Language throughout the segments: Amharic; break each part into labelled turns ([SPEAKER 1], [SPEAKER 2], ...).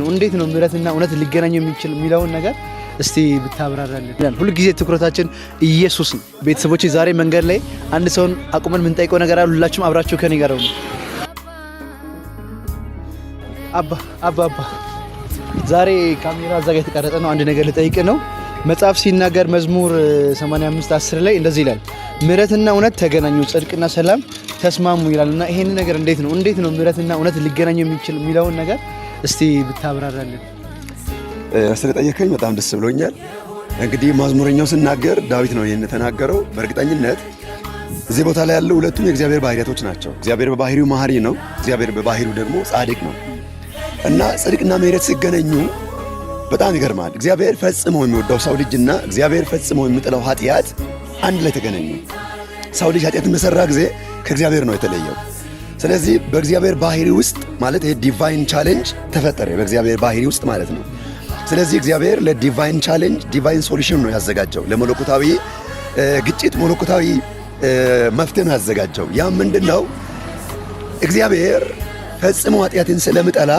[SPEAKER 1] ነው እንዴት ነው ምህረትና እውነት ሊገናኙ የሚችል የሚለውን ነገር እስቲ ብታብራራለን። ሁልጊዜ ትኩረታችን ኢየሱስ ነው። ቤተሰቦች ዛሬ መንገድ ላይ አንድ ሰውን አቁመን የምንጠይቀው ነገር አሉ። ሁላችሁም አብራችሁ ከኔ ጋር ነው። አባ አባ አባ ዛሬ ካሜራ እዛ ጋር የተቀረጠ ነው። አንድ ነገር ልጠይቅ ነው። መጽሐፍ ሲናገር መዝሙር 85 10 ላይ እንደዚህ ይላል፣ ምህረትና እውነት ተገናኙ፣ ጽድቅና ሰላም ተስማሙ ይላል እና ይሄንን ነገር እንዴት ነው እንዴት ነው ምህረትና እውነት ሊገናኙ የሚችል የሚለውን ነገር እስቲ ብታብራራለን።
[SPEAKER 2] ስለጠየከኝ በጣም ደስ ብሎኛል። እንግዲህ ማዝሙረኛው ስናገር ዳዊት ነው ይህን የተናገረው። በእርግጠኝነት እዚህ ቦታ ላይ ያለው ሁለቱም የእግዚአብሔር ባህሪያቶች ናቸው። እግዚአብሔር በባህሪው መሐሪ ነው። እግዚአብሔር በባህሪው ደግሞ ጻድቅ ነው እና ጽድቅና ምሕረት ሲገናኙ በጣም ይገርማል። እግዚአብሔር ፈጽሞ የሚወደው ሰው ልጅና እግዚአብሔር ፈጽሞ የሚጥለው ኃጢአት አንድ ላይ ተገናኙ። ሰው ልጅ ኃጢአትን በሰራ ጊዜ ከእግዚአብሔር ነው የተለየው። ስለዚህ በእግዚአብሔር ባህሪ ውስጥ ማለት ይሄ ዲቫይን ቻሌንጅ ተፈጠረ በእግዚአብሔር ባህሪ ውስጥ ማለት ነው። ስለዚህ እግዚአብሔር ለዲቫይን ቻሌንጅ ዲቫይን ሶሉሽን ነው ያዘጋጀው። ለመለኮታዊ ግጭት መለኮታዊ መፍትሄ ነው ያዘጋጀው። ያ ምንድን ነው? እግዚአብሔር ፈጽሞ ኃጢአትን ስለምጠላ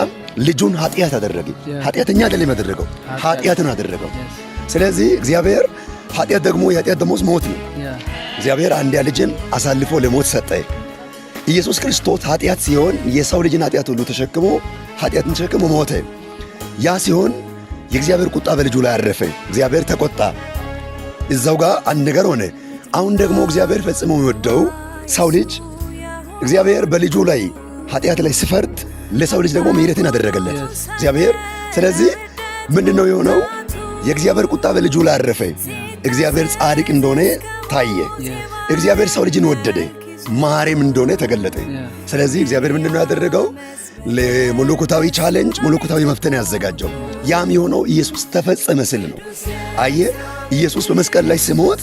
[SPEAKER 2] ልጁን ኃጢአት አደረገ። ኃጢአተኛ አይደለም ያደረገው፣ ኃጢአትን አደረገው። ስለዚህ እግዚአብሔር ኃጢአት ደግሞ የኃጢአት ደሞዝ ሞት ነው። እግዚአብሔር አንድያ ልጅን አሳልፎ ለሞት ሰጠ። ኢየሱስ ክርስቶስ ኃጢአት ሲሆን የሰው ልጅን ኃጢአት ሁሉ ተሸክሞ ኃጢአትን ተሸክሞ ሞተ። ያ ሲሆን የእግዚአብሔር ቁጣ በልጁ ላይ አረፈ። እግዚአብሔር ተቆጣ። እዛው ጋር አንድ ነገር ሆነ። አሁን ደግሞ እግዚአብሔር ፈጽሞ የሚወደው ሰው ልጅ እግዚአብሔር በልጁ ላይ ኃጢአት ላይ ስፈርት ለሰው ልጅ ደግሞ ምሕረትን አደረገለት እግዚአብሔር። ስለዚህ ምንድን ነው የሆነው? የእግዚአብሔር ቁጣ በልጁ ላይ አረፈ። እግዚአብሔር ጻድቅ እንደሆነ ታየ። እግዚአብሔር ሰው ልጅን ወደደ። ማሬም እንደሆነ ተገለጠ። ስለዚህ እግዚአብሔር ምንድነው ያደረገው? ለሞሎኮታዊ ቻሌንጅ ሞሎኮታዊ መፍተን ያዘጋጀው ያም የሆነው ኢየሱስ ተፈጸመ ስል ነው። አየ ኢየሱስ በመስቀል ላይ ሲሞት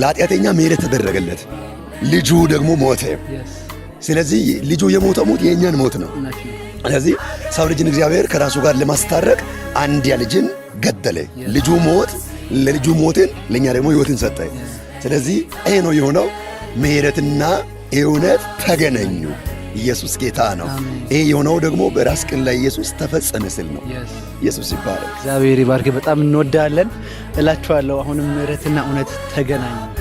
[SPEAKER 2] ለኃጢአተኛ ምሕረት ተደረገለት፣ ልጁ ደግሞ ሞተ። ስለዚህ ልጁ የሞተ ሞት የእኛን ሞት ነው። ስለዚህ ሰው ልጅን እግዚአብሔር ከራሱ ጋር ለማስታረቅ አንድያ ልጅን ገደለ። ልጁ ሞት ለልጁ ሞትን ለእኛ ደግሞ ህይወትን ሰጠ። ስለዚህ ይሄ ነው የሆነው ምሕረትና እውነት ተገነኙ። ኢየሱስ ጌታ ነው። ይሄ የሆነው ደግሞ በራስ ቅን ላይ ኢየሱስ ተፈጸመ ስል ነው። ኢየሱስ ይባረክ። እግዚአብሔር ይባርክ። በጣም እንወዳለን እላችኋለሁ። አሁንም ምሕረትና እውነት ተገናኙ።